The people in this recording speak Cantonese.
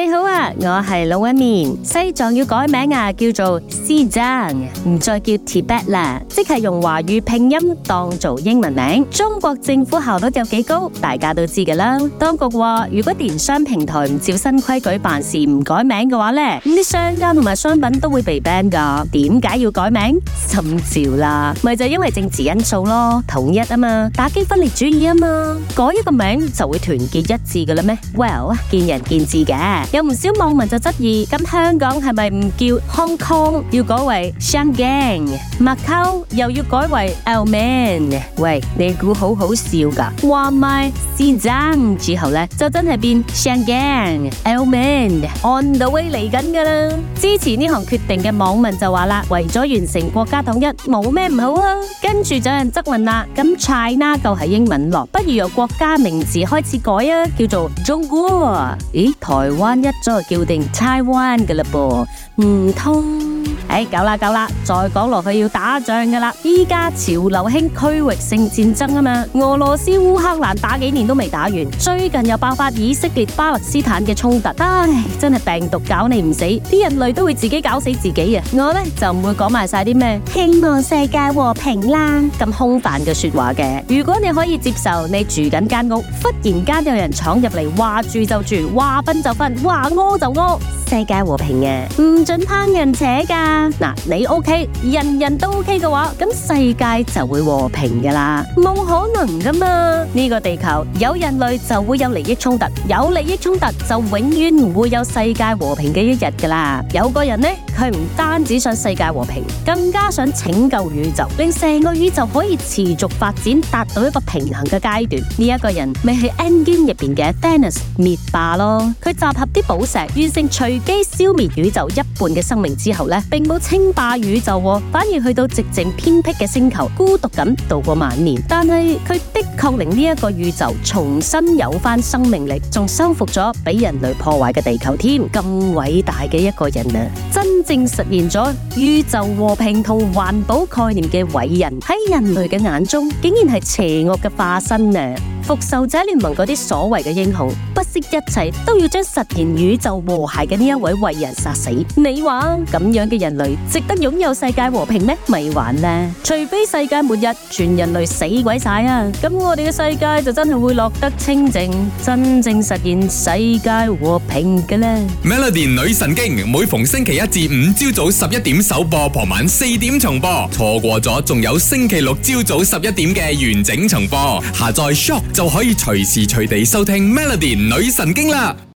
你好啊，我係老一面。西藏要改名啊，叫做 Xizang，唔再叫 Tibet 啦，即係用華語拼音當做英文名。中國政府效率有幾高，大家都知噶啦。當局話，如果電商平台唔照新規矩辦事，唔改名嘅話，呢啲商家同埋商品都會被 ban 噶。點解要改名？心照啦，咪就是、因為政治因素咯，統一啊嘛，打擊分裂主義啊嘛，改一個名就會團結一致噶啦咩？Well，見仁見智嘅。有唔少網民就質疑，咁香港係咪唔叫 Hong Kong，要改為 Shangang？Macau 又要改為 Elmen。喂，你估好好笑噶，話埋市長之後咧，就真係變 Shangang、Elmen，on the way 嚟緊噶啦。支持呢項決定嘅網民就話啦，為咗完成國家統一，冇咩唔好啊。跟住就有人質問啦，咁 China 夠係英文咯，不如由國家名字開始改啊，叫做中國。咦，台灣？一早叫定 Taiwan 嘅嘞噃。唔通？誒，夠啦夠啦，再講落去要打仗噶啦，依家潮流興區域性戰爭啊嘛，俄羅斯烏克蘭打幾年都未打完，最近又爆發以色列巴勒斯坦嘅衝突，唉，真係病毒搞你唔死，啲人類都會自己搞死自己啊！我呢，就唔會講埋晒啲咩，希望世界和平啦，咁空泛嘅說話嘅。如果你可以接受，你住緊間屋，忽然間有人闖入嚟，話住就住，話瞓就瞓，話屙就屙，世界和平嘅，啊，唔準坑人扯噶。嗱，你 OK，人人都 O K 嘅話，咁世界就會和平噶啦，冇可能噶嘛？呢個地球有人類就會有利益衝突，有利益衝突就永遠唔會有世界和平嘅一日噶啦。有個人呢，佢唔單止想世界和平，更加想拯救宇宙，令成個宇宙可以持續發展，達到一個平衡嘅階段。呢一個人咪係《Endgame》入邊嘅 Dennis 滅霸咯，佢集合啲寶石，完成隨機消滅宇宙一半嘅生命之後呢。冇稱霸宇宙，哦，反而去到寂靜偏僻嘅星球，孤獨噉度過晚年。但係佢的確令呢一個宇宙重新有返生命力，仲修復咗俾人類破壞嘅地球添。咁偉大嘅一個人啊，真正實現咗宇宙和平同環保概念嘅偉人，喺人類嘅眼中竟然係邪惡嘅化身啊！復仇者聯盟嗰啲所謂嘅英雄，不惜一切都要將實現宇宙和諧嘅呢一位偉人殺死。你話咁樣嘅人類值得擁有世界和平咩？咪玩啦，除非世界末日全人類死鬼晒啊，咁我哋嘅世界就真係會落得清淨，真正實現世界和平嘅咧。Melody 女神經每逢星期一至五朝早十一點首播，傍晚四點重播，錯過咗仲有星期六朝早十一點嘅完整重播。下載 Shock。就可以隨時隨地收聽 Melody 女神經啦！